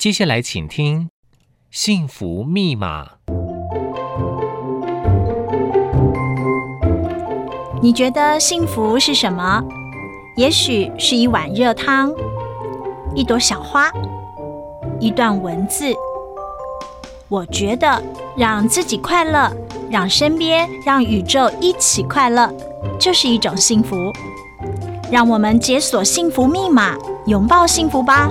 接下來，請聽《幸福密碼》。你覺得幸福是什麼？也許是一碗熱湯，一朵小花，一段文字。我覺得，讓自己快樂，讓身邊，讓宇宙一起快樂，就是一種幸福。讓我們解鎖幸福密碼，擁抱幸福吧。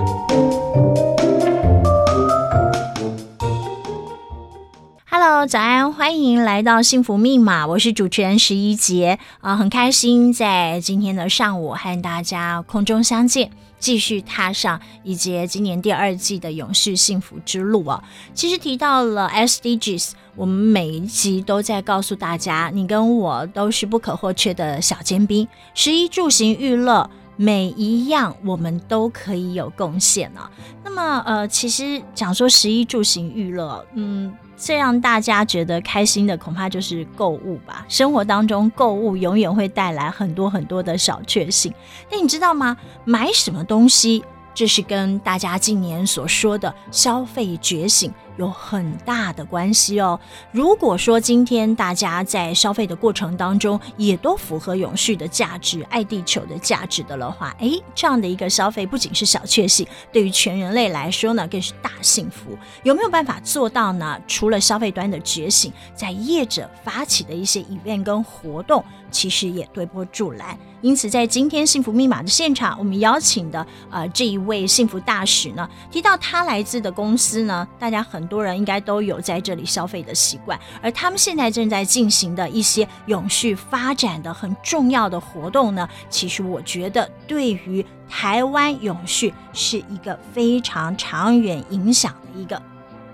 早安，歡迎來到幸福密碼。我是主持人十一杰啊、呃，很開心在今天的上午和大家空中相見，繼續踏上以及今年第二季的永續幸福之路啊、哦。其實提到了 SDGs，我們每一集都在告訴大家，你跟我都是不可或缺的小尖兵。食衣住行娛樂，每一樣我們都可以有貢獻呢、哦。那麼，呃，其實講說食衣住行娛樂，嗯。最讓大家覺得開心的，恐怕就是購物吧。生活當中購物，永遠會帶來很多很多的小確幸。那你知道嗎？買什麼東西，這是跟大家今年所說的消費覺醒。有很大的關係哦。如果說今天大家在消費的過程當中也都符合永續的價值，愛地球的價值的了話，誒，這樣的一個消費不僅是小確幸，對於全人類來說呢，更是大幸福。有沒有辦法做到呢？除了消費端的覺醒，在業者發起的一些理念跟活動，其實也推波助瀾。因此，在今天幸福密碼的現場，我們邀請的啊、呃、這一位幸福大使呢，提到他來自的公司呢，大家很。很多人應該都有在這裡消費的習慣，而他們現在正在進行的一些永續發展的很重要的活動呢，其實我覺得對於台灣永續是一個非常長遠影響的一個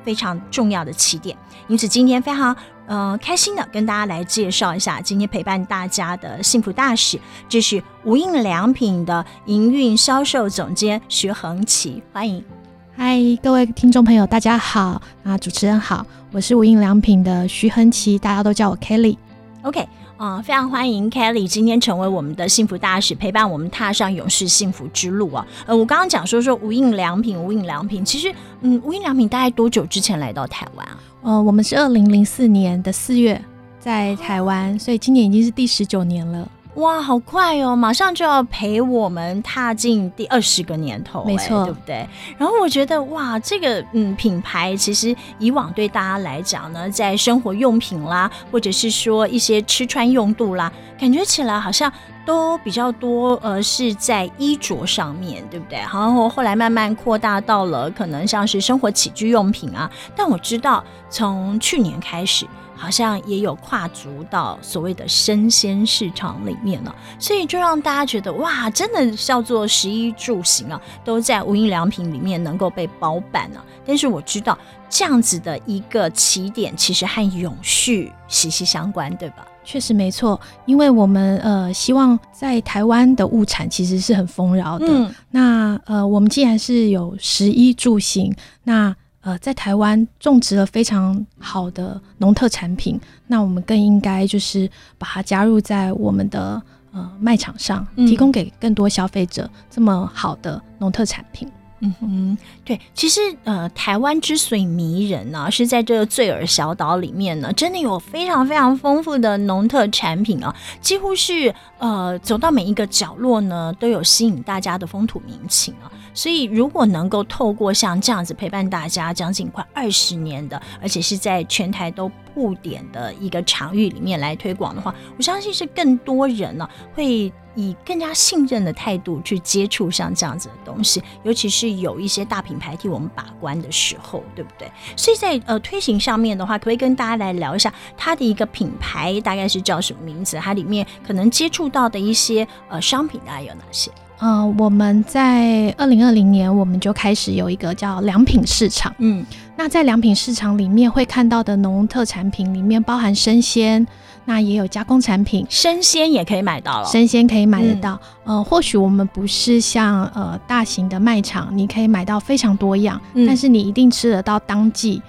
非常重要的起點。因此，今天非常嗯、呃、開心的跟大家來介紹一下，今天陪伴大家的幸福大使，這是無印良品的營運銷售總監徐恆琦，歡迎。嗨，各位聽眾朋友，大家好啊！主持人好，我是無印良品的徐恆琪，大家都叫我 Kelly。OK，嗯、呃，非常歡迎 Kelly 今天成為我們的幸福大使，陪伴我們踏上永世幸福之路啊！呃，我剛剛講說說無印良品，無印良品其實，嗯，無印良品大概多久之前來到台灣啊？呃，我們是二零零四年的四月在台灣，所以今年已經是第十九年了。哇，好快哦！馬上就要陪我們踏進第二十個年頭，沒錯，對不對？然後我覺得，哇，這個嗯品牌其實以往對大家來講呢，在生活用品啦，或者是說一些吃穿用度啦，感覺起來好像都比較多，呃，是在衣着上面，對不對？然後後來慢慢擴大到了可能像是生活起居用品啊。但我知道從去年開始。好像也有跨足到所謂的生鮮市場裡面了，啊，所以就讓大家覺得哇，真的叫做食衣住行啊，都在無印良品裡面能夠被包辦了啊。但是我知道這樣子的一個起點，其實和永續息息相關，對吧？確實沒錯，因為我們呃希望在台灣的物產其實是很豐饒的。嗯、那呃，我們既然是有食衣住行，那呃，在台灣種植了非常好的農特產品，那我們更應該就是把它加入在我們的呃賣場上，提供給更多消費者這麼好的農特產品。嗯哼，對，其實呃，台灣之所以迷人呢、啊，是在這個蕞爾小島裡面呢，真的有非常非常豐富的農特產品啊，幾乎是呃走到每一個角落呢，都有吸引大家的風土民情啊。所以，如果能夠透過像這樣子陪伴大家將近快二十年的，而且是在全台都布點的一個場域裡面來推廣的話，我相信是更多人呢、啊、會以更加信任的態度去接觸像這樣子的東西，尤其是有一些大品牌替我們把關的時候，對不對？所以在呃推行上面的話，可不可以跟大家來聊一下它的一個品牌大概是叫什麼名字，它裡面可能接觸到的一些呃商品大概有哪些？呃，我們在二零二零年，我們就開始有一個叫良品市集。嗯，那在良品市集裡面會看到的農特產品裡面包含生鮮，那也有加工產品，生鮮也可以買到了，生鮮可以買得到。嗯、呃，或許我們不是像呃大型的賣場，你可以買到非常多樣，嗯、但是你一定吃得到當季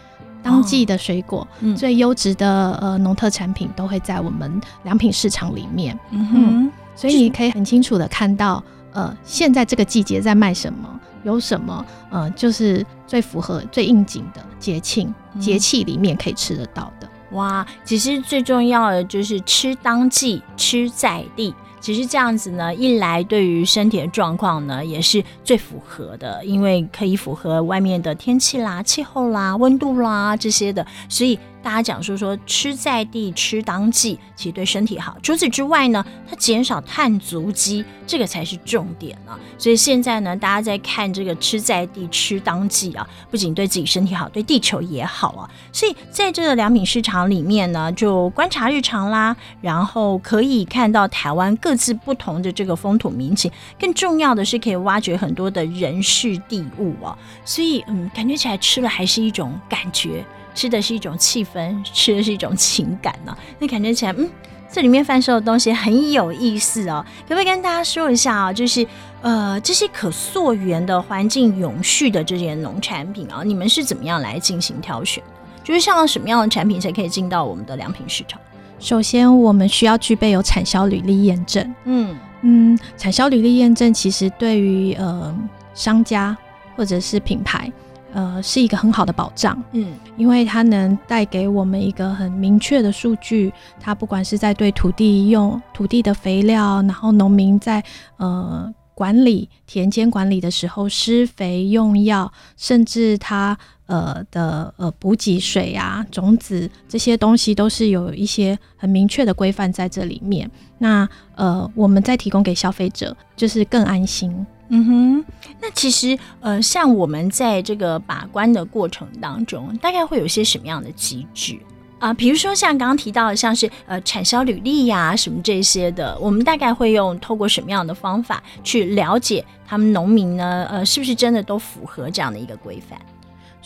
當季的水果，哦嗯、最優質的呃農特產品都會在我們良品市集裡面。嗯哼，嗯，所以你可以很清楚的看到。呃，現在這個季節在賣什麼？有什麼？呃，就是最符合、最應景的節慶節氣裡面可以吃得到的。嗯。哇，其實最重要的就是吃當季、吃在地。其實這樣子呢，一來對於身體的狀況呢，也是最符合的，因為可以符合外面的天氣啦、氣候啦、溫度啦這些的，所以。大家講說說吃在地吃當季，其實對身體好。除此之外呢，它減少碳足跡這個才是重點啊。所以現在呢，大家在看這個吃在地吃當季啊，不僅對自己身體好，對地球也好啊。所以在這個良品市集裡面呢，就觀察日常啦，然後可以看到台灣各自不同的這個風土民情，更重要的是可以挖掘很多的人事地物啊。所以嗯，感覺起來吃了還是一種感覺。吃的是一種氣氛，吃的是一種情感呢、啊。那感覺起來，嗯，這裡面販售的東西很有意思哦。可不可以跟大家說一下啊？就是呃，這些可溯源的、環境永續的這些農產品啊，你們是怎麼樣來進行挑選？就是像什麼樣的產品才可以進到我們的良品市場？首先，我們需要具備有產銷履歷驗證。嗯嗯，產銷履歷驗證其實對於呃商家或者是品牌，呃，是一個很好的保障，嗯，因為它能帶給我們一個很明確的數據。它不管是在對土地用土地的肥料，然後農民在呃管理田間管理的時候施肥用藥，甚至它呃的呃補給水啊、種子這些東西，都是有一些很明確的規範在這裡面。那呃，我們再提供給消費者，就是更安心。嗯哼，那其實呃，像我們在這個把關的過程當中，大概會有些什麼樣的機制啊？呃，比如說像剛剛提到的，像是呃產銷履歷呀、啊、什麼這些的，我們大概會用透過什麼樣的方法去了解他們農民呢？呃，是不是真的都符合這樣的一個規範？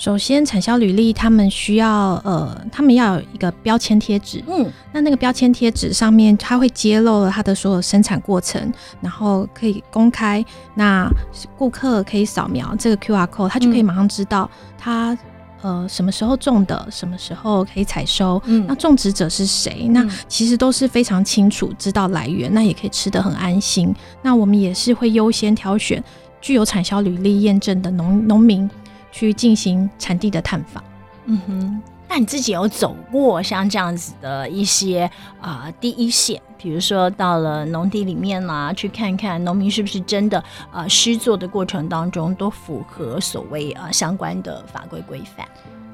首先，產銷履歷他們需要呃，他們要有一個標籤貼紙。嗯，那那個標籤貼紙上面，他會揭露了他的所有生產過程，然後可以公開。那顧客可以掃描這個 QR Code，他就可以馬上知道他、嗯、呃什麼時候種的，什麼時候可以採收。嗯，那種植者是誰、嗯？那其實都是非常清楚知道來源，那也可以吃得很安心。那我們也是會優先挑選具有產銷履歷驗證的農農民。去進行產地的探訪，嗯哼，那你自己有走過像這樣子的一些啊、呃、第一線，比如說到了農地裡面啦，去看看農民是不是真的啊施、呃、作的過程當中都符合所謂啊、呃、相關的法規規範，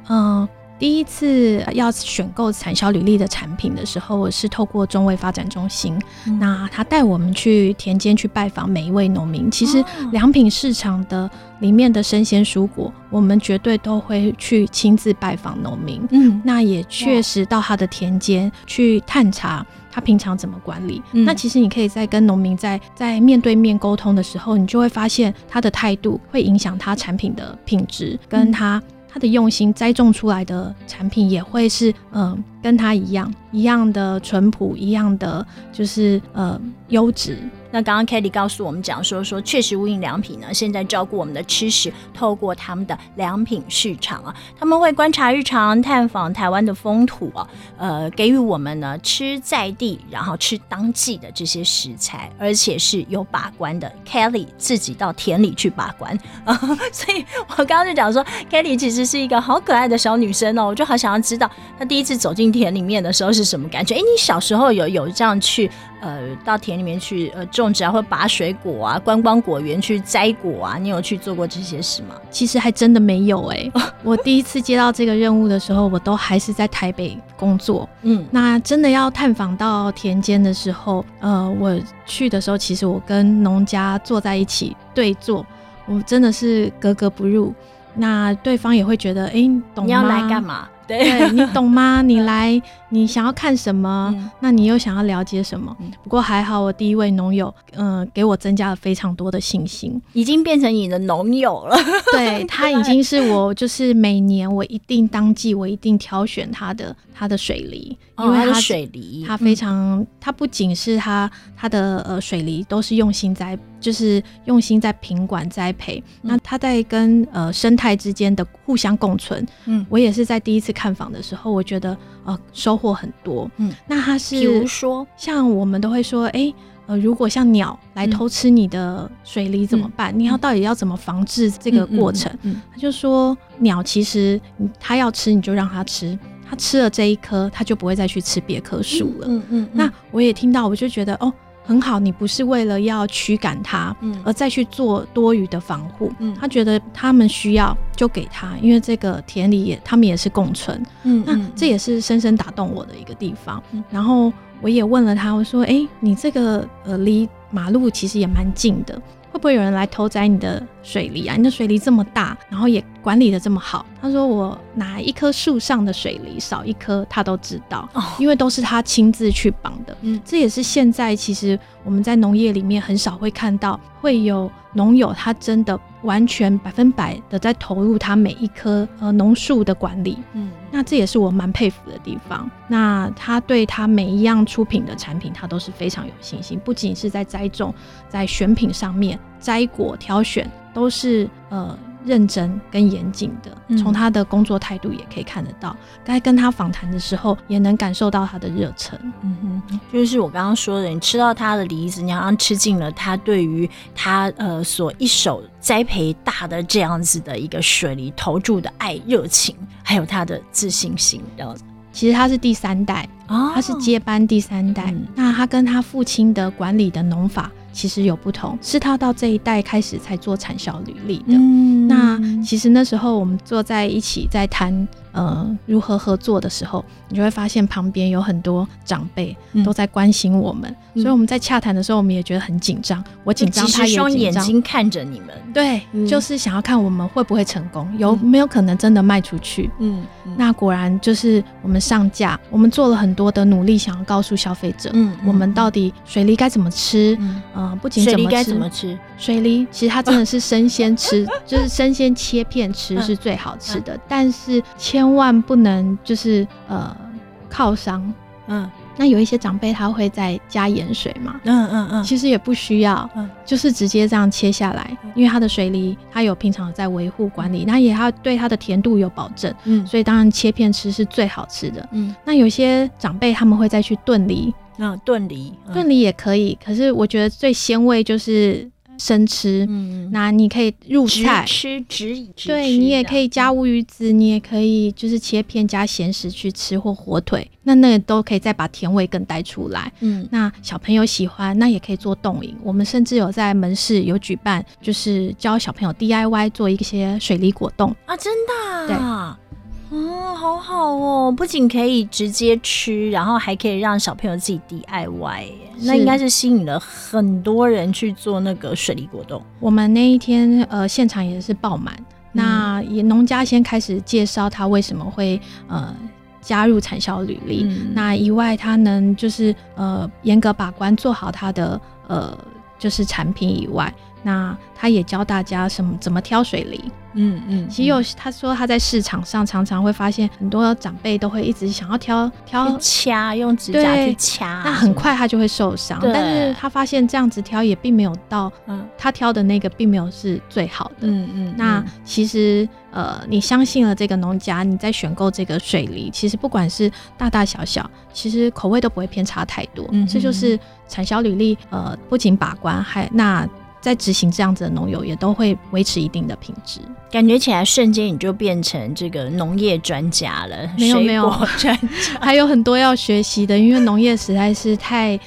嗯、呃。第一次要選購產銷履歷的產品的時候，我是透過中衛發展中心。嗯、那他帶我們去田間去拜訪每一位農民。其實良品市場的裡面的生鮮蔬果，我們絕對都會去親自拜訪農民。嗯，那也確實到他的田間去探查他平常怎麼管理。嗯、那其實你可以在跟農民在在面對面溝通的時候，你就會發現他的態度會影響他產品的品質跟他。他的用心栽種出來的產品也會是，嗯、呃，跟他一樣一樣的淳樸，一樣的就是呃優質。那剛剛 Kelly 告訴我們講說說，確實無印良品呢，現在照顧我們的吃食，透過他們的良品市集啊，他們會觀察日常，探訪台灣的風土啊，呃，給予我們呢吃在地，然後吃當季的這些食材，而且是有把關的。Kelly 自己到田裡去把關啊、呃，所以我剛剛就講說 Kelly 其實是一個好可愛的小女生哦、喔，我就好想要知道她第一次走進田裡面的時候是什麼感覺。哎、欸，你小時候有有這樣去呃到田裡面去呃？種只要會拔水果啊、觀光果園去摘果啊，你有去做過這些事嗎？其實還真的沒有哎、欸，我第一次接到這個任務的時候，我都還是在台北工作，嗯，那真的要探訪到田間的時候，呃，我去的時候，其實我跟農家坐在一起對坐，我真的是格格不入，那對方也會覺得，誒、欸，你要來幹嘛？對， 對你懂嗎？你來，你想要看什麼？嗯、那你又想要了解什麼？嗯、不過還好，我第一位農友，嗯、呃，給我增加了非常多的信心，已經變成你的農友了。對他已經是我，就是每年我一定當季我一定挑選他的他的水梨，哦、因為他,他的水梨，他非常，他不僅是他、嗯、他的呃水梨都是用心在，就是用心在品管栽培、嗯。那他在跟呃生態之間的互相共存，嗯，我也是在第一次。看房的時候，我覺得呃收穫很多。嗯，那他是比如說像我們都會說，誒、欸，呃，如果像鳥來偷吃你的水梨怎麼辦、嗯？你要到底要怎麼防治這個過程？嗯嗯嗯嗯、他就說，鳥其實他要吃你就讓他吃，他吃了這一棵，他就不會再去吃別棵樹了。嗯嗯，嗯，嗯。那我也聽到，我就覺得哦。很好，你不是為了要驅趕它，而再去做多餘的防護，嗯，他覺得他們需要就給他，因為這個田裡也他們也是共存，嗯，那這也是深深打動我的一個地方。嗯，然後我也問了他，我說：“哎，欸，你這個呃離馬路其實也蠻近的。”會不會有人來偷摘你的水梨啊？你的水梨這麼大，然後也管理得這麼好。他說我哪一棵樹上的水梨少一顆，他都知道，因為都是他親自去綁的。哦。這也是現在其實我們在農業裡面很少會看到，會有農友他真的完全百分百的在投入他每一棵呃農樹的管理。嗯。那這也是我蠻佩服的地方。那他對他每一樣出品的產品，他都是非常有信心。不僅是在栽種、在選品上面，摘果挑選都是呃。認真跟嚴謹的，從他的工作態度也可以看得到。在、嗯、跟他訪談的時候，也能感受到他的熱忱。嗯哼，就是我剛剛說的，你吃到他的梨子，你好像吃盡了他對於他呃所一手栽培大的這樣子的一個水梨投注的愛、熱情，還有他的自信心。然、嗯、後，其實他是第三代，哦、他是接班第三代。嗯、那他跟他父親的管理的農法。其實有不同，是他到這一代開始才做產銷履歷的。嗯，那其實那時候我們坐在一起在談。呃，如何合作的時候，你就會發現旁邊有很多長輩都在關心我們，嗯、所以我們在洽談的時候、嗯，我們也覺得很緊張。我緊張，他一雙眼睛看着你們，對、嗯，就是想要看我們會不會成功，有沒有可能真的賣出去。嗯，那果然就是我們上架，嗯、我們做了很多的努力，想要告訴消費者，嗯，我們到底水梨該怎麼吃？嗯，嗯呃、不僅怎麼吃，水梨該怎麼吃，水梨其實它真的是生鮮吃，啊、就是生鮮切片吃是最好吃的，啊、但是千。千萬不能就是呃靠傷，嗯，那有一些長輩他會再加鹽水嘛，嗯嗯嗯，其實也不需要，嗯，就是直接這樣切下來，因為它的水梨它有平常在維護管理，那也它對它的甜度有保證，嗯，所以當然切片吃是最好吃的，嗯，那有些長輩他們會再去燉梨，嗯，燉梨，燉、嗯、梨也可以，可是我覺得最鮮味就是。生吃、嗯，那你可以入菜吃，直對，你也可以加烏魚子、嗯，你也可以就是切片加鹹食去吃或火腿，那那也都可以再把甜味更帶出來。嗯，那小朋友喜歡，那也可以做凍飲。我們甚至有在門市有舉辦，就是教小朋友 DIY 做一些水梨果凍啊，真的、啊。對嗯、哦，好好哦，不僅可以直接吃，然後還可以讓小朋友自己 DIY，那應該是吸引了很多人去做那個水梨果凍。我們那一天呃，現場也是爆滿。嗯、那也農家先開始介紹他為什麼會呃加入產銷履歷、嗯，那以外他能就是呃嚴格把關做好他的呃就是產品以外。那他也教大家什麼怎麼挑水梨，嗯嗯，其實有他說他在市場上常常會發現很多長輩都會一直想要挑挑掐，用指甲去掐，那很快他就會受傷。但是他發現這樣子挑也並沒有到，嗯，他挑的那個並沒有是最好的，嗯嗯。那其實呃，你相信了這個農家，你在選購這個水梨，其實不管是大大小小，其實口味都不會偏差太多。嗯，嗯，這就是產銷履歷，呃，不僅把關還那。在執行這樣子的農友也都會維持一定的品質，感覺起來瞬間你就變成這個農業專家了。沒有沒有，專家 還有很多要學習的，因為農業實在是太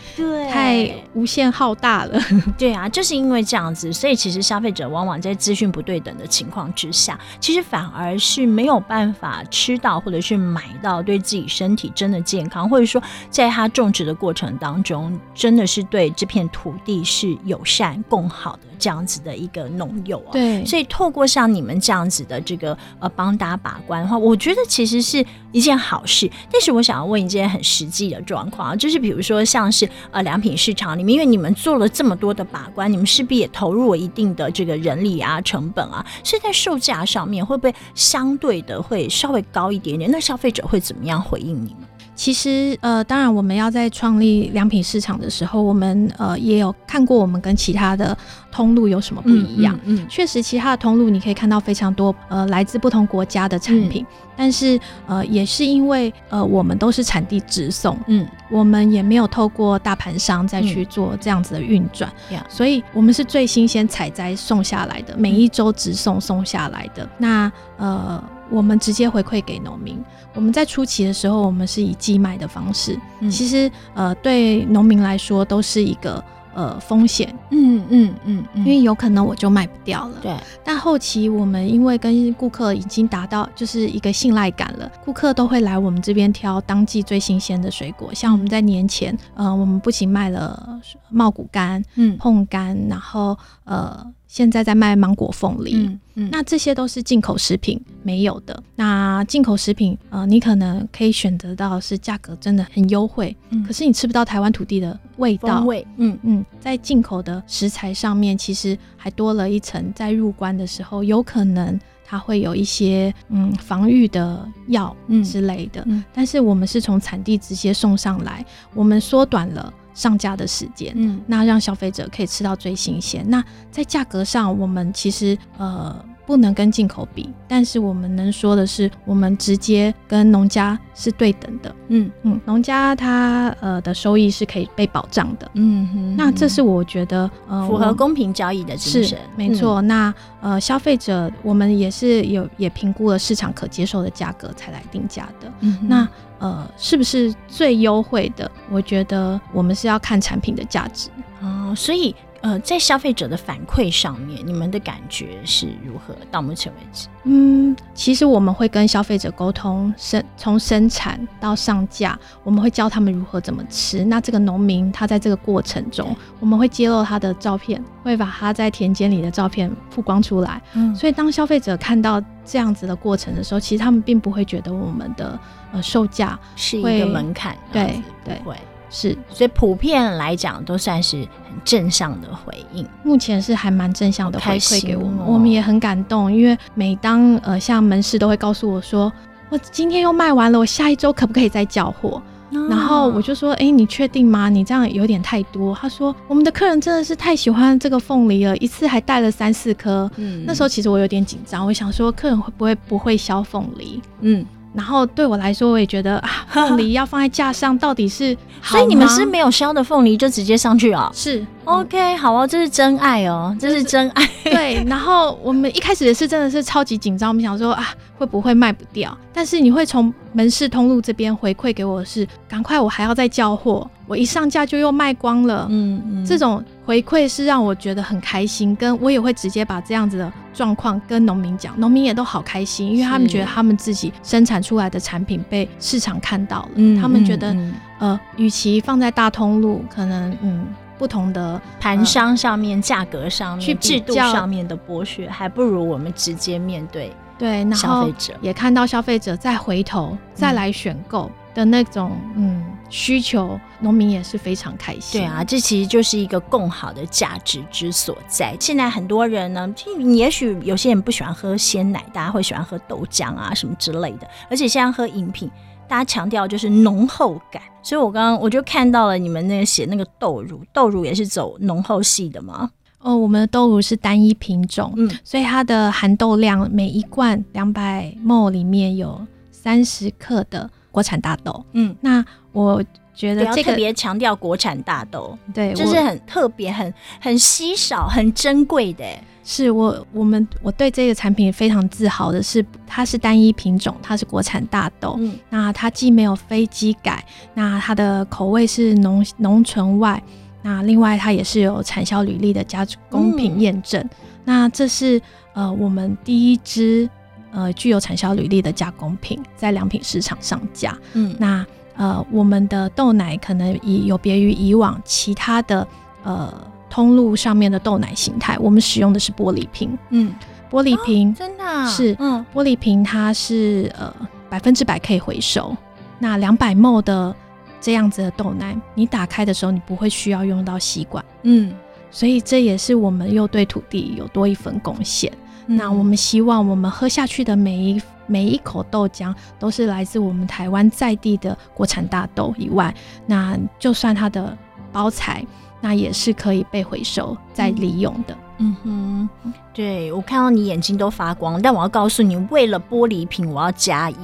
太無限浩大了。對啊，就是因為這樣子，所以其實消費者往往在資訊不對等的情況之下，其實反而是沒有辦法吃到或者是買到對自己身體真的健康，或者說在他種植的過程當中，真的是對這片土地是友善共好。好的，這樣子的一個農友啊，對，所以透過像你們這樣子的這個呃，幫大家把關的話，我覺得其實是一件好事。但是我想要問一件很實際的狀況啊，就是比如說像是呃，良品市場裡面，因為你們做了這麼多的把關，你們勢必也投入了一定的這個人力啊、成本啊，所以在售價上面會不會相對的會稍微高一點點？那消費者會怎麼樣回應你呢？其實，呃，當然，我們要在創立良品市場的時候，我們呃也有看過我們跟其他的通路有什麼不一樣。嗯，嗯嗯確實，其他的通路你可以看到非常多，呃，來自不同國家的產品。嗯。但是，呃，也是因為，呃，我們都是產地直送，嗯，我們也沒有透過大盤商再去做這樣子的運轉，嗯。所以，我們是最新鮮採摘送下來的，嗯，每一周直送送下來的。那，呃。我們直接回饋給農民。我們在初期的時候，我們是以寄賣的方式，嗯、其實呃，對農民來說都是一個呃風險。嗯嗯嗯，嗯，因為有可能我就賣不掉了。對。但後期我們因為跟顧客已經達到就是一個信賴感了，顧客都會來我們這邊挑當季最新鮮的水果。像我們在年前，呃，我們不僅賣了茂谷柑、嗯，椪柑，然後呃。現在在賣芒果、鳳梨，嗯、嗯，那這些都是進口食品沒有的。那進口食品，呃，你可能可以選擇到是價格真的很優惠、嗯，可是你吃不到台灣土地的味道，風味，嗯嗯，在進口的食材上面，其實還多了一層，在入關的時候，有可能它會有一些嗯防禦的藥之類的、嗯。但是我們是從產地直接送上來，我們縮短了。上架的時間，嗯，那讓消費者可以吃到最新鮮。那在價格上，我們其實呃。不能跟進口比，但是我們能說的是，我們直接跟農家是對等的。嗯嗯，農家他呃的收益是可以被保障的。嗯哼哼，那這是我覺得呃符合公平交易的精神。是沒錯，嗯。那呃消費者，我們也是有也評估了市場可接受的價格才來定價的。嗯哼哼，那呃是不是最優惠的？我覺得我們是要看產品的價值。哦，所以。呃，在消費者的反饋上面，你們的感覺是如何？到目前為止，嗯，其實我們會跟消費者溝通，生從生產到上架，我們會教他們如何怎麼吃。那這個農民他在這個過程中，我們會揭露他的照片，會把他在田間裡的照片曝光出來。嗯，所以當消費者看到這樣子的過程的時候，其實他們並不會覺得我們的呃售價是一個門檻。對對。對是，所以普遍來講都算是很正向的回應。目前是還蠻正向的回饋給我們，哦，我們也很感動。因為每當呃像門市都會告訴我說，我今天又賣完了，我下一周可不可以再叫貨哦？然後我就說，哎，欸，你確定嗎？你這樣有點太多。他說，我們的客人真的是太喜歡這個鳳梨了，一次還帶了三四顆。嗯，那時候其實我有點緊張，我想說客人會不會不會削鳳梨？嗯。然後對我來說，我也覺得啊，鳳梨要放在架上，到底是好。所以你們是沒有削的鳳梨就直接上去哦。是，OK，好哦，這是真愛哦，就是、這是真愛。對，然後我們一開始也是真的是超級緊張，我們想說啊，會不會賣不掉？但是你會從門市通路這邊回饋給我的是，趕快我還要再叫貨，我一上架就又賣光了。嗯，嗯這種。回饋是讓我覺得很開心，跟我也會直接把這樣子的狀況跟農民講，農民也都好開心，因為他們覺得他們自己生產出來的產品被市場看到了，嗯、他們覺得、嗯嗯、呃，與其放在大通路，可能嗯，嗯不同的盤商上面、價、呃、格上面、去比較制度上面的剝削，還不如我們直接面對對消費者，也看到消費者再回頭、嗯、再來選購。的那種嗯需求，農民也是非常開心。對啊，這其實就是一個共好的價值之所在。現在很多人呢，也許有些人不喜歡喝鮮奶，大家會喜歡喝豆漿啊什麼之類的。而且像喝飲品，大家強調就是濃厚感。所以我剛剛我就看到了你們那個寫那個豆乳，豆乳也是走濃厚系的嘛？哦，我們的豆乳是單一品種，嗯，所以它的含豆量，每一罐兩百 ml 裡面有三十克的。國產大豆，嗯，那我覺得、這個、要特別強調國產大豆，對，這、就是很特別、很很稀少、很珍貴的。是我我們我對這個產品非常自豪的是，它是單一品種，它是國產大豆。嗯，那它既沒有非基改，那它的口味是農農醇外，那另外它也是有產銷履歷的加工品驗證、嗯。那這是呃，我們第一支。呃，具有產銷履歷的加工品在良品市場上架。嗯，那呃，我們的豆奶可能以有別於以往其他的呃通路上面的豆奶形態，我們使用的是玻璃瓶。嗯，玻璃瓶、哦、真的、啊？是，嗯，玻璃瓶它是呃百分之百可以回收。那兩百 m 的這樣子的豆奶，你打開的時候你不會需要用到吸管。嗯，所以這也是我們又對土地有多一份貢獻。那我們希望我們喝下去的每一每一口豆漿，都是來自我們台灣在地的國產大豆以外，那就算它的包材，那也是可以被回收再利用的。嗯，嗯哼，對，我看到你眼睛都發光，但我要告訴你，為了玻璃瓶，我要加一，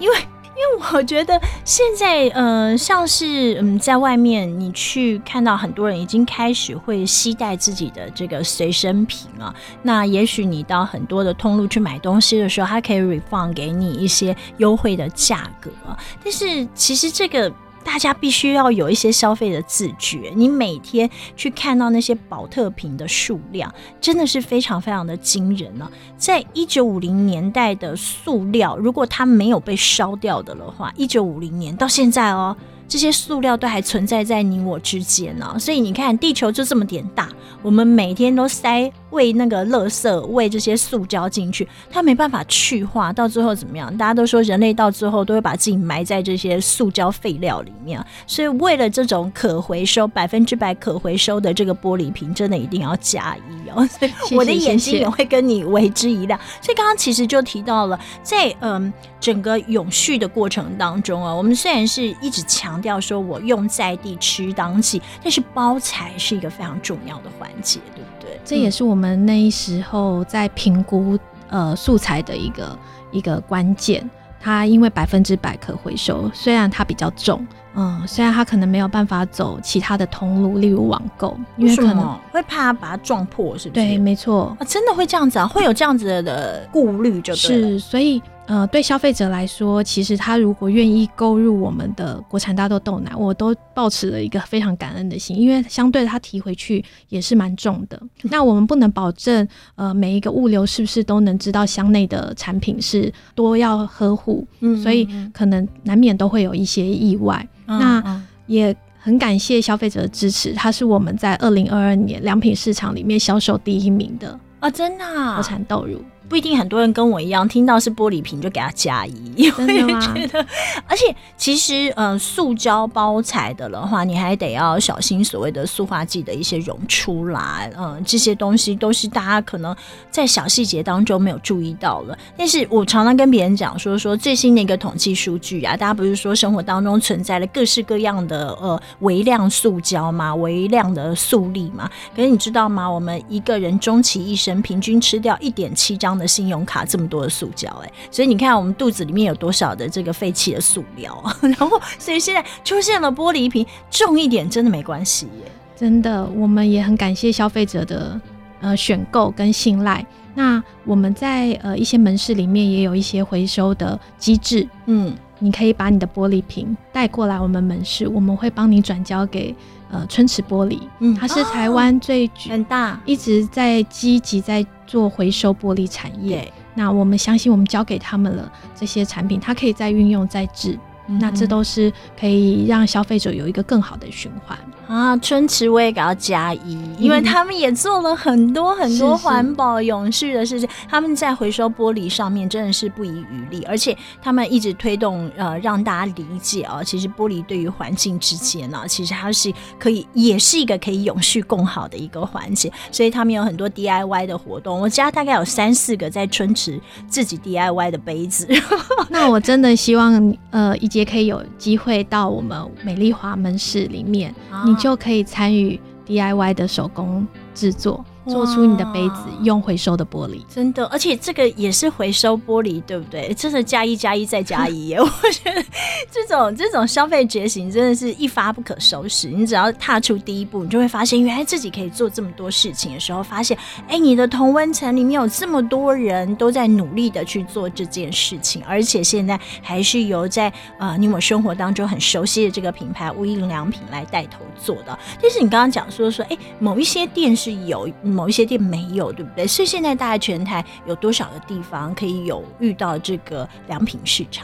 因為。因為我覺得現在，呃，像是嗯，在外面你去看到很多人已經開始會攜帶自己的這個隨身品啊，那也許你到很多的通路去買東西的時候，它可以 refund 給你一些優惠的價格啊，但是其實這個。大家必須要有一些消費的自覺。你每天去看到那些寶特瓶的數量，真的是非常非常的驚人呢、啊。在一九五零年代的塑料，如果它沒有被燒掉的，的話，一九五零年到現在哦、喔。這些塑料都還存在在你我之間呢、喔，所以你看，地球就這麼點大，我們每天都塞餵那個垃圾餵這些塑膠進去，它沒辦法去化，到最後怎麼樣？大家都說人類到最後都會把自己埋在這些塑膠廢料裡面，所以為了這種可回收、百分之百可回收的這個玻璃瓶，真的一定要加一哦、喔。我的眼睛也會跟你為之一亮。 所以剛剛其實就提到了，在嗯、呃、整個永續的過程當中啊、喔，我們雖然是一直強。掉，說，我用在地吃當季，但是包材是一個非常重要的環節，對不對？這也是我們那時候在評估呃素材的一個一個關鍵。它因為百分之百可回收，雖然它比較重，嗯，雖然它可能沒有辦法走其他的通路，例如網購，因為可能會怕他把它撞破，是不是？對，沒錯啊，真的會這樣子啊，會有這樣子的顧慮就，就是所以。呃，對消費者來說，其實他如果願意購入我們的國產大豆豆奶，我都抱持了一個非常感恩的心，因為相對他提回去也是蠻重的。 那我們不能保證，呃，每一個物流是不是都能知道箱內的產品是多要呵護，嗯，嗯，嗯，所以可能難免都會有一些意外。嗯嗯，那也很感謝消費者的支持，它是我們在二零二二年良品市集裡面銷售第一名的啊，真的國產豆乳。啊不一定很多人跟我一樣，聽到是玻璃瓶就給它加一，我也覺得。 而且其實，嗯、呃，塑膠包材的、的話，你還得要小心所謂的塑化劑的一些溶出來，嗯、呃，這些東西都是大家可能在小細節當中沒有注意到了。但是我常常跟別人講說，說最新的一個統計數據啊，大家不是說生活當中存在了各式各樣的呃微量塑膠嗎？微量的塑粒嗎？可是你知道嗎？我們一個人終其一生，平均吃掉一點七張。的信用卡這麼多的塑膠，哎！所以你看我們肚子裡面有多少的這個廢棄的塑料， 然後所以現在出現了玻璃瓶重一點真的沒關係耶、欸，真的，我們也很感謝消費者的呃選購跟信賴。那我們在呃一些門市裡面也有一些回收的機制，嗯，你可以把你的玻璃瓶帶過來我們門市，我們會幫你轉交給呃春池玻璃，嗯，它是台灣最、哦、很大，一直在積極在。做回收玻璃產業，那我們相信，我們交給他們了這些產品，它可以再運用、再製，那這都是可以讓消費者有一個更好的循環。啊，春池我也要加一，因為他們也做了很多很多環保永續的事情。是是，他們在回收玻璃上面真的是不遺餘力，而且他們一直推動呃讓大家理解啊，其實玻璃對於環境之間呢，其實它是可以也是一個可以永續共好的一個環節。所以他們有很多 DIY 的活動，我家大概有三四個在春池自己 DIY 的杯子。那我真的希望呃一姐可以有機會到我們美麗華門市裡面、啊、你。就可以參與 DIY 的手工製作。做出你的杯子，用回收的玻璃，真的，而且這個也是回收玻璃，對不對？真的加一加一再加一耶！ 我覺得這種這種消費覺醒真的是一發不可收拾。你只要踏出第一步，你就會發現原來自己可以做這麼多事情的時候，發現哎、欸，你的同溫層裡面有這麼多人都在努力的去做這件事情，而且現在還是由在呃你我生活當中很熟悉的這個品牌無印良品來帶頭做的。就是你剛剛講說說哎、欸，某一些店是有。某一些店沒有，對不對？所以現在大概全台有多少的地方可以有遇到這個良品市集？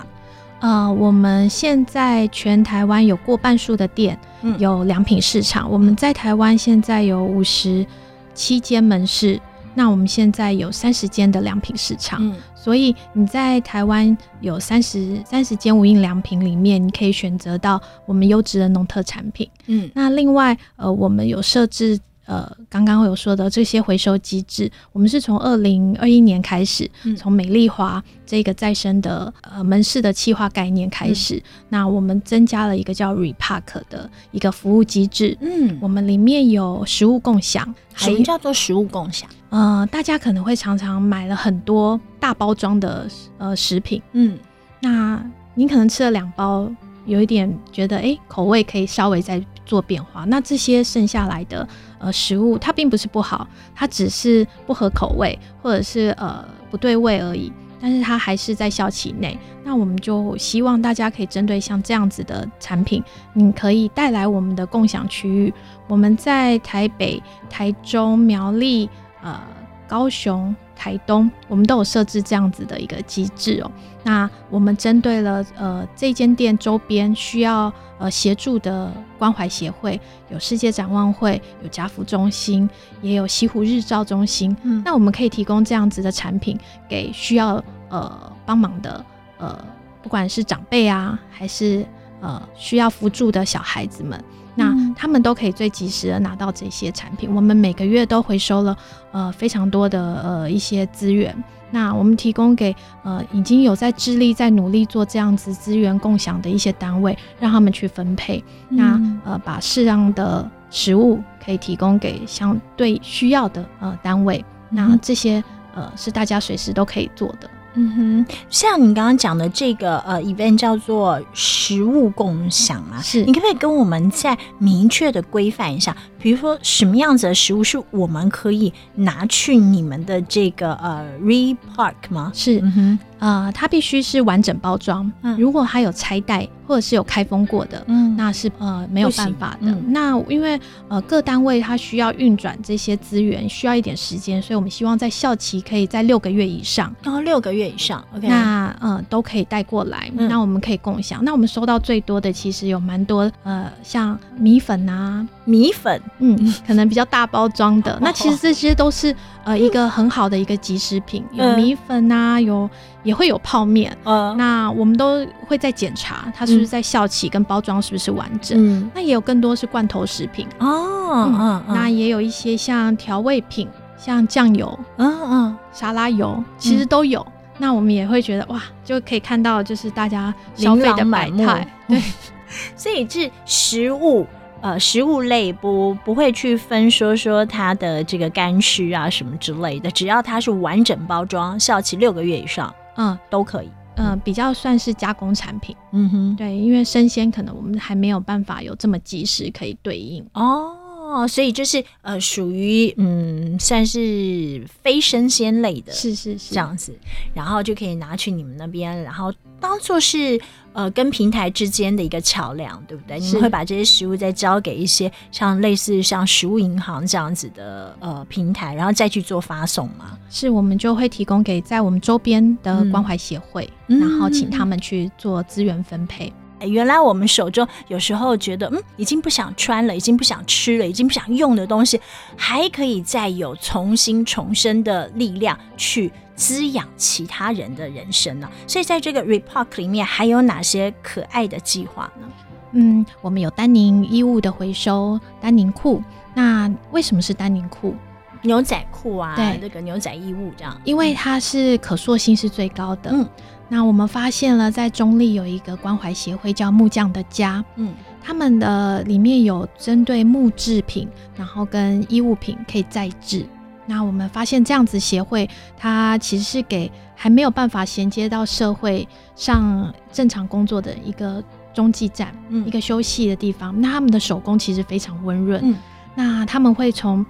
呃我們現在全台灣有過半數的店、嗯、有良品市集。我們在台灣現在有五十七間門市，那我們現在有三十間的良品市集。嗯、所以你在台灣有三十三十間無印良品裡面，你可以選擇到我們優質的農特產品。嗯，那另外呃，我們有設置。呃，剛剛有說的這些回收機制，我們是從二零二一年開始，從、嗯、美麗華這個再生的呃門市的企劃概念開始、嗯。那我們增加了一個叫 Repark 的一個服務機制。嗯，我們裡面有食物共享、嗯還，什麼叫做食物共享？呃，大家可能會常常買了很多大包裝的呃食品。嗯，那你可能吃了兩包，有一點覺得哎、欸，口味可以稍微再做變化。那這些剩下來的。呃，食物它並不是不好，它只是不合口味或者是呃不對味而已，但是它還是在效期內。那我們就希望大家可以針對像這樣子的產品，你可以帶來我們的共享區域。我們在台北、台中、苗栗、呃、高雄。台東，我們都有設置這樣子的一個機制哦。那我們針對了呃這間店周邊需要呃協助的關懷協會，有世界展望會，有家福中心，也有西湖日照中心。嗯。那我們可以提供這樣子的產品給需要呃幫忙的呃，不管是長輩啊，還是呃需要扶助的小孩子們。那他們都可以最及時的拿到這些產品。我們每個月都回收了呃非常多的呃一些資源。那我們提供給呃已經有在致力在努力做這樣子資源共享的一些單位，讓他們去分配。那呃把適量的食物可以提供給相對需要的呃單位。那這些呃是大家隨時都可以做的。嗯哼，像你剛剛講的這個呃，event 叫做食物共享啊，是你可不可以跟我們再明確的規範一下？比如說什麼樣子的食物是我們可以拿去你們的這個呃 re park 嗎？是嗯哼。啊、呃，它必須是完整包裝、嗯。如果它有拆袋或者是有開封過的，嗯、那是呃沒有辦法的。嗯、那因為呃各單位它需要運轉這些資源，需要一點時間，所以我們希望在效期可以在六個月以上。哦，六個月以上，OK。那呃都可以帶過來、嗯，那我們可以共享。那我們收到最多的其實有蠻多呃，像米粉啊，米粉，嗯，可能比較大包裝的。 那其實這些都是。呃，一個很好的一個即食品、嗯，有米粉啊，有也會有泡面、嗯。那我們都會在檢查它是不是在效期，跟包裝是不是完整、嗯。那也有更多是罐頭食品。哦、嗯，嗯嗯,嗯，那也有一些像調味品，嗯、像醬油。嗯嗯，沙拉油其實都有、嗯。那我們也會覺得哇，就可以看到就是大家消費的百態。對 所以是食物。呃，食物類不不會去分說，說它的這個乾濕啊什麼之類的，只要它是完整包裝，效期六個月以上，嗯，都可以，嗯、呃，比較算是加工產品，嗯哼，對，因為生鮮可能我們還沒有辦法有這麼及時可以對應哦，所以就是呃，屬於嗯，算是非生鮮類的，是是是這樣子，然後就可以拿去你們那邊，然後。當做是呃，跟平台之間的一個橋梁，對不對？是你會把這些食物再交給一些像類似像食物銀行這樣子的呃平台，然後再去做發送嗎？是我們就會提供給在我們周邊的關懷協會，嗯，然後請他們去做資源分配。嗯，嗯，欸，原來我們手中有時候覺得嗯，已經不想穿了，已經不想吃了，已經不想用的東西，還可以再有重新重生的力量去。滋養其他人的人生呢。啊。所以在這個 report 裡面還有哪些可愛的計劃呢？嗯，我們有丹寧衣物的回收，丹寧褲。那為什麼是丹寧褲？牛仔褲啊，對，這個牛仔衣物這樣。因為它是可塑性是最高的。嗯，那我們發現了在中壢有一個關懷協會叫木匠的家。嗯，他們的裡面有針對木製品，然後跟衣物品可以再製。那我們發現這樣子協會，它其實是給還沒有辦法銜接到社會上正常工作的一個中繼站、嗯，一個休息的地方。那他們的手工其實非常溫潤、嗯，那他們會從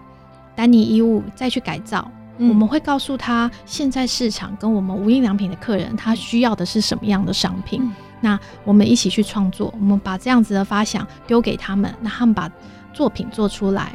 丹尼衣物再去改造。嗯、我們會告訴他，現在市場跟我們無印良品的客人他需要的是什麼樣的商品。嗯、那我們一起去創作，我們把這樣子的發想丟給他們，那他們把作品做出來。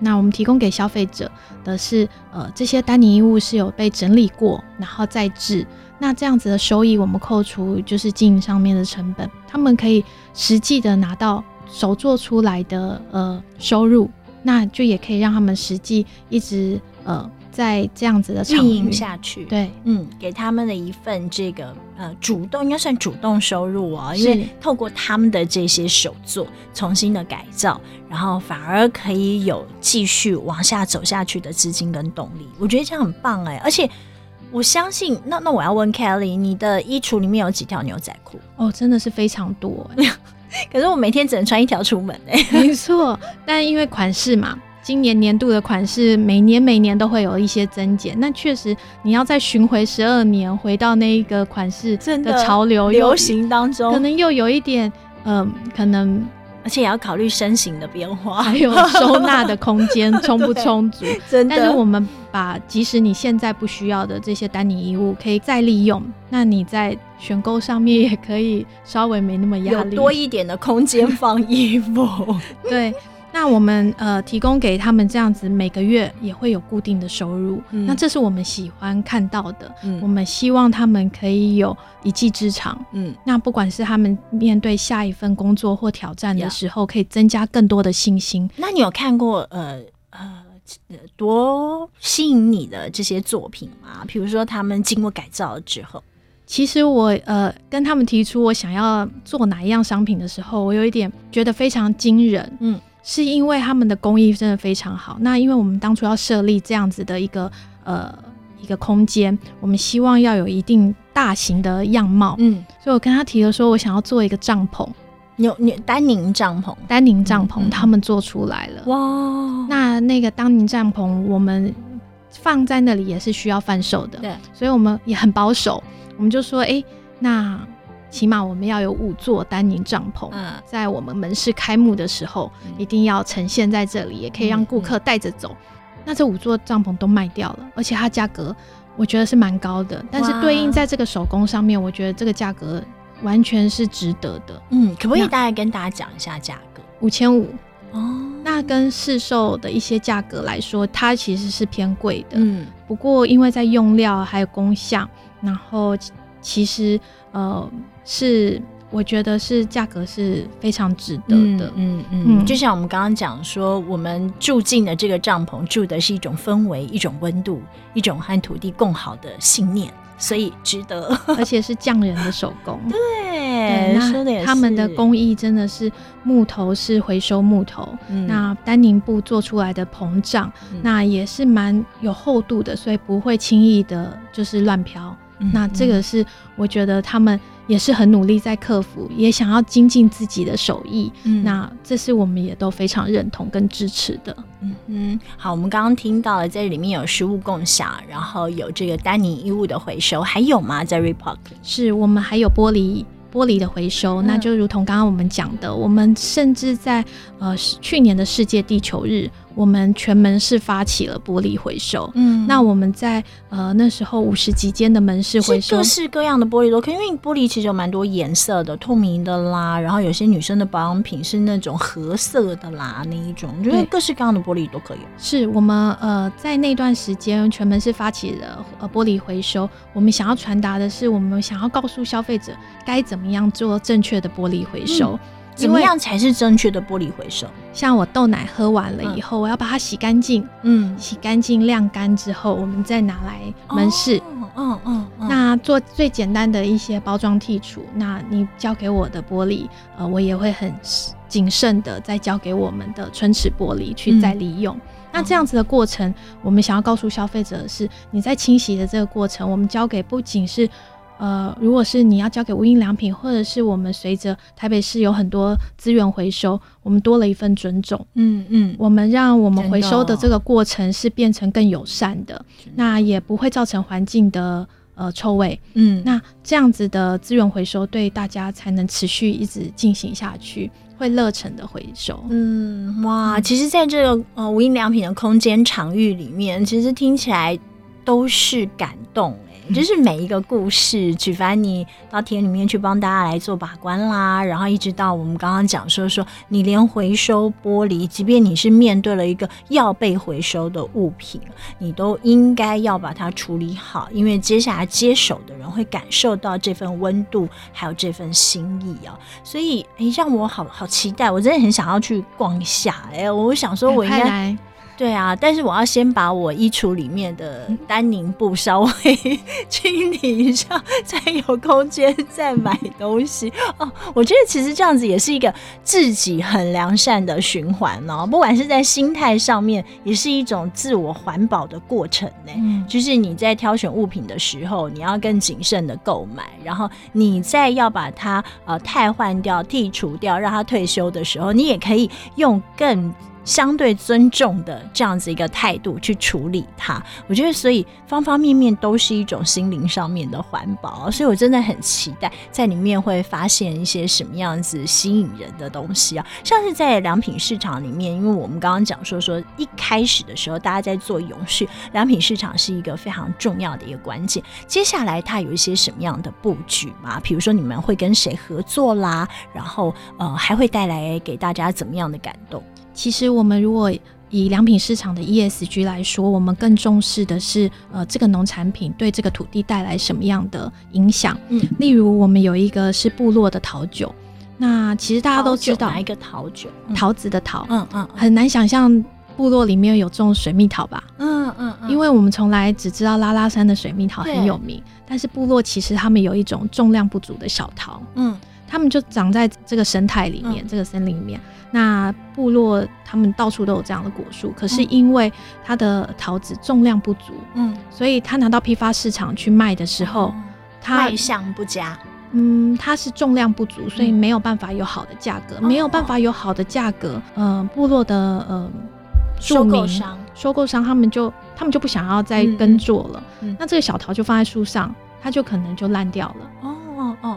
那我們提供給消費者的是，呃，這些丹寧衣物是有被整理過，然後再製。那這樣子的收益，我們扣除就是經營上面的成本，他們可以實際的拿到手做出來的呃收入，那就也可以讓他們實際一直呃。在這樣子的運營下去，對，嗯，給他們的一份這個呃主動應該算主動收入哦、喔，因為透過他們的這些手作重新的改造，然後反而可以有繼續往下走下去的資金跟動力，我覺得這樣很棒哎、欸。而且我相信，那那我要問 Kelly，你的衣櫥裡面有幾條牛仔褲？哦，真的是非常多、欸， 可是我每天只能穿一條出門哎、欸。沒錯，但因為款式嘛。今年年度的款式，每年每年都會有一些增減。那確實，你要再巡迴十二年，回到那一個款式的潮流真的流行當中，可能又有一點，嗯，可能，而且也要考慮身形的變化，還有收納的空間充不充足。 但是我們把即使你現在不需要的這些丹寧衣物可以再利用，那你在選購上面也可以稍微沒那麼壓力，有多一點的空間放衣服。 對。那我們呃提供給他們這樣子，每個月也會有固定的收入。嗯、那這是我們喜歡看到的、嗯。我們希望他們可以有一技之長。嗯，那不管是他們面對下一份工作或挑戰的時候，嗯、可以增加更多的信心。嗯、那你有看過呃呃多吸引你的這些作品嗎？比如說他們經過改造之後，其實我呃跟他們提出我想要做哪一樣商品的時候，我有一點覺得非常驚人。嗯。是因為他們的工藝真的非常好。那因為我們當初要設立這樣子的一個呃一個空間，我們希望要有一定大型的樣貌，嗯，所以我跟他提了說，我想要做一個帳篷，牛牛丹寧帳篷，丹寧帳篷他們做出來了，哇、嗯！那那個丹寧帳篷我們放在那裡也是需要販售的，對，所以我們也很保守，我們就說，哎、欸，那。起碼我們要有五座丹寧帳篷，嗯，在我們門市開幕的時候一定要呈現在這裡，嗯，也可以讓顧客帶着走，嗯嗯。那這五座帳篷都賣掉了，而且它價格我覺得是蠻高的，但是對應在這個手工上面，我覺得這個價格完全是值得的。嗯，可不可以大概跟大家講一下價格？五千五哦，那跟市售的一些價格來說，它其實是偏貴的。嗯，不過因為在用料還有工效，然後其實呃。是，我覺得是價格是非常值得的，嗯嗯，嗯，嗯，就像我們剛剛講說，我們住進的這個帳篷，住的是一種氛圍，一種溫度，一種和土地共好的信念，所以值得，而且是匠人的手工， 對，對，那他們的工藝真的是木頭是回收木頭，那丹寧布做出來的膨脹、嗯，那也是蠻有厚度的，所以不會輕易的就是亂飄。那這個是我覺得他們也是很努力在克服，嗯、也想要精進自己的手藝。嗯，那這是我們也都非常認同跟支持的。嗯哼，好，我們剛剛聽到了，在這裡面有食物共享，然後有這個丹寧衣物的回收，還有嗎？在 Report，是我們還有玻璃玻璃的回收。那就如同剛剛我們講的、嗯，我們甚至在呃去年的世界地球日。我們全門市發起了玻璃回收，嗯，那我們在呃那時候五十幾間的門市回收是各式各樣的玻璃都可以，因為玻璃其實有蠻多顏色的，透明的啦，然後有些女生的保養品是那種褐色的啦那一種，就因為各式各樣的玻璃都可以。是我們呃在那段時間全門市發起了呃玻璃回收，我們想要傳達的是，我們想要告訴消費者該怎麼樣做正確的玻璃回收。嗯怎麼樣才是正確的玻璃回收？像我豆奶喝完了以後，嗯、我要把它洗乾淨，嗯，洗乾淨晾乾之後，我們再拿來門市，嗯嗯嗯，那做最簡單的一些包裝剔除。那你交給我的玻璃，呃，我也會很謹慎的再交給我們的春池玻璃去再利用，嗯。那這樣子的過程，oh. 我們想要告訴消費者的是，你在清洗的這個過程，我們交給不僅是。呃，如果是你要交給無印良品，或者是我們隨着台北市有很多資源回收，我們多了一份尊重。嗯嗯，我們讓我們回收的這個過程是變成更友善的，真的哦、那也不會造成環境的呃臭味。嗯，那這樣子的資源回收對大家才能持續一直進行下去，會熱忱的回收。嗯，哇，嗯、其實在這個呃無印良品的空間場域裡面，其實聽起來都是感動、欸就是每一個故事，舉凡你到田裡面去幫大家來做把關啦，然後一直到我們剛剛講說說，你連回收玻璃，即便你是面對了一個要被回收的物品，你都應該要把它處理好，因為接下來接手的人會感受到這份溫度，還有這份心意啊、喔。所以，誒、欸，讓我好好期待，我真的很想要去逛一下、欸。哎，我想說，我應該、欸。對啊，但是我要先把我衣櫥裡面的丹寧布稍微清理一下，才有空間再買東西哦。我覺得其實這樣子也是一個自己很良善的循環哦，不管是在心態上面，也是一種自我環保的過程呢、嗯。就是你在挑選物品的時候，你要更謹慎的購買，然後你再要把它呃汰換掉、剔除掉、讓它退休的時候，你也可以用更。相對尊重的這樣子一個態度去處理它，我覺得所以方方面面都是一種心靈上面的環保，所以我真的很期待在裡面會發現一些什麼樣子吸引人的東西啊！像是在良品市集裡面，因為我們剛剛講說說一開始的時候大家在做永續，良品市集是一個非常重要的一個關鍵。接下來它有一些什麼樣的布局嗎？比如說你們會跟誰合作啦？然後呃，還會帶來給大家怎麼樣的感動？其實我們如果以良品市場的 ESG 來說，我們更重視的是，呃，這個農產品對這個土地帶來什麼樣的影響。嗯，例如我們有一個是部落的桃酒，那其實大家都知道哪一個桃酒，桃、嗯、子的桃。嗯嗯，嗯。很難想象部落裡面有種水蜜桃吧？嗯嗯嗯。因為我們從來只知道拉拉山的水蜜桃很有名，但是部落其實他們有一種重量不足的小桃。嗯。他們就長在這個生態裡面，嗯，這個森林裡面。那部落他們到處都有這樣的果樹，可是因為它的桃子重量不足，嗯，嗯，所以他拿到批發市場去賣的時候，嗯、他賣相不佳，嗯，他是重量不足，所以沒有辦法有好的價格，嗯，沒有辦法有好的價格，嗯、哦哦呃，部落的呃，收購商，收購商他們就他們就不想要再耕作了，嗯嗯，那這個小桃就放在樹上，它就可能就爛掉了。哦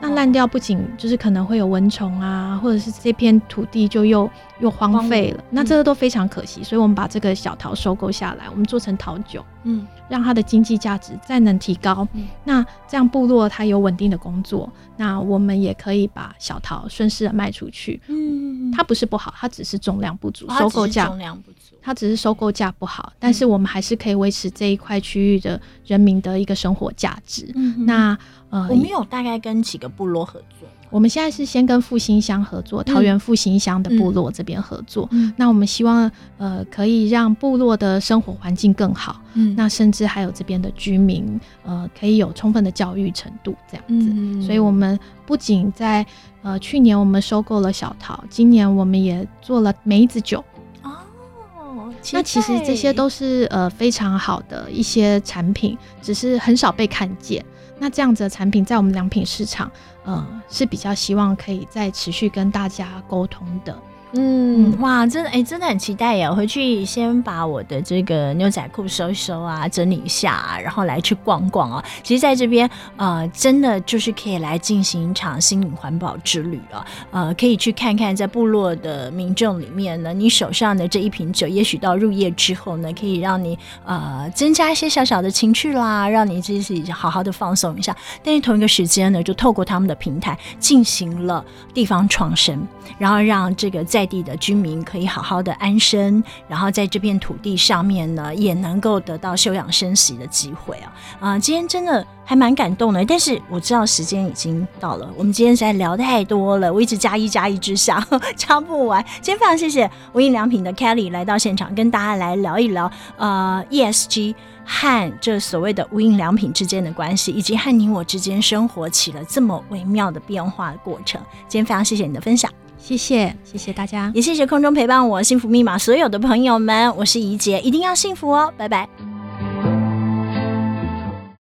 那爛掉不僅就是可能會有蚊蟲啊，或者是這片土地就又又荒廢了荒，嗯，那這個都非常可惜。所以我們把這個小桃收購下來，我們做成桃酒，嗯，讓它的經濟價值再能提高。嗯，那這樣部落它有穩定的工作，那我們也可以把小桃順勢的賣出去。嗯，它不是不好，它只是重量不足、哦，只是重量不足，收購價它只是收購價不好，嗯，但是我們還是可以維持這一塊區域的人民的一個生活價值。嗯，那。我們有大概跟幾個部落合作、嗯。我們現在是先跟復興鄉合作，桃園復興鄉的部落這邊合作、嗯。那我們希望，呃，可以讓部落的生活環境更好。嗯，那甚至還有這邊的居民，呃，可以有充分的教育程度，這樣子、嗯。所以我們不僅在，呃，去年我們收購了小桃，今年我們也做了梅子酒。哦，那其實這些都是呃非常好的一些產品，只是很少被看見。那這樣子的產品，在我們良品市集，呃、嗯，是比較希望可以再持續跟大家溝通的。嗯哇，真哎、欸、真的很期待呀！我回去先把我的這個牛仔褲收一收啊，整理一下，啊，然後來去逛逛啊，哦。其實在這邊啊、呃，真的就是可以來進行一場心靈環保之旅啊，哦。呃，可以去看看在部落的民眾裡面呢，你手上的這一瓶酒，也許到入夜之後呢，可以讓你呃增加一些小小的情趣啦，讓你自己好好的放鬆一下。但是同一個時間呢，就透過他們的平台進行了地方創生，然後讓這個在。在地的居民可以好好的安身，然後在這片土地上面呢，也能夠得到休養生息的機會啊！啊、呃，今天真的還蠻感動的，但是我知道時間已經到了，我們今天實在聊太多了，我一直加一加一之下加不完。今天非常謝謝無印良品的 Kelly 來到現場，跟大家來聊一聊呃 ESG 和這所謂的無印良品之間的關係，以及和你我之間生活起了這麼微妙的變化的過程。今天非常謝謝你的分享。謝謝，謝謝大家，也謝謝空中陪伴我幸福密碼所有的朋友們，我是怡姐，一定要幸福哦，拜拜。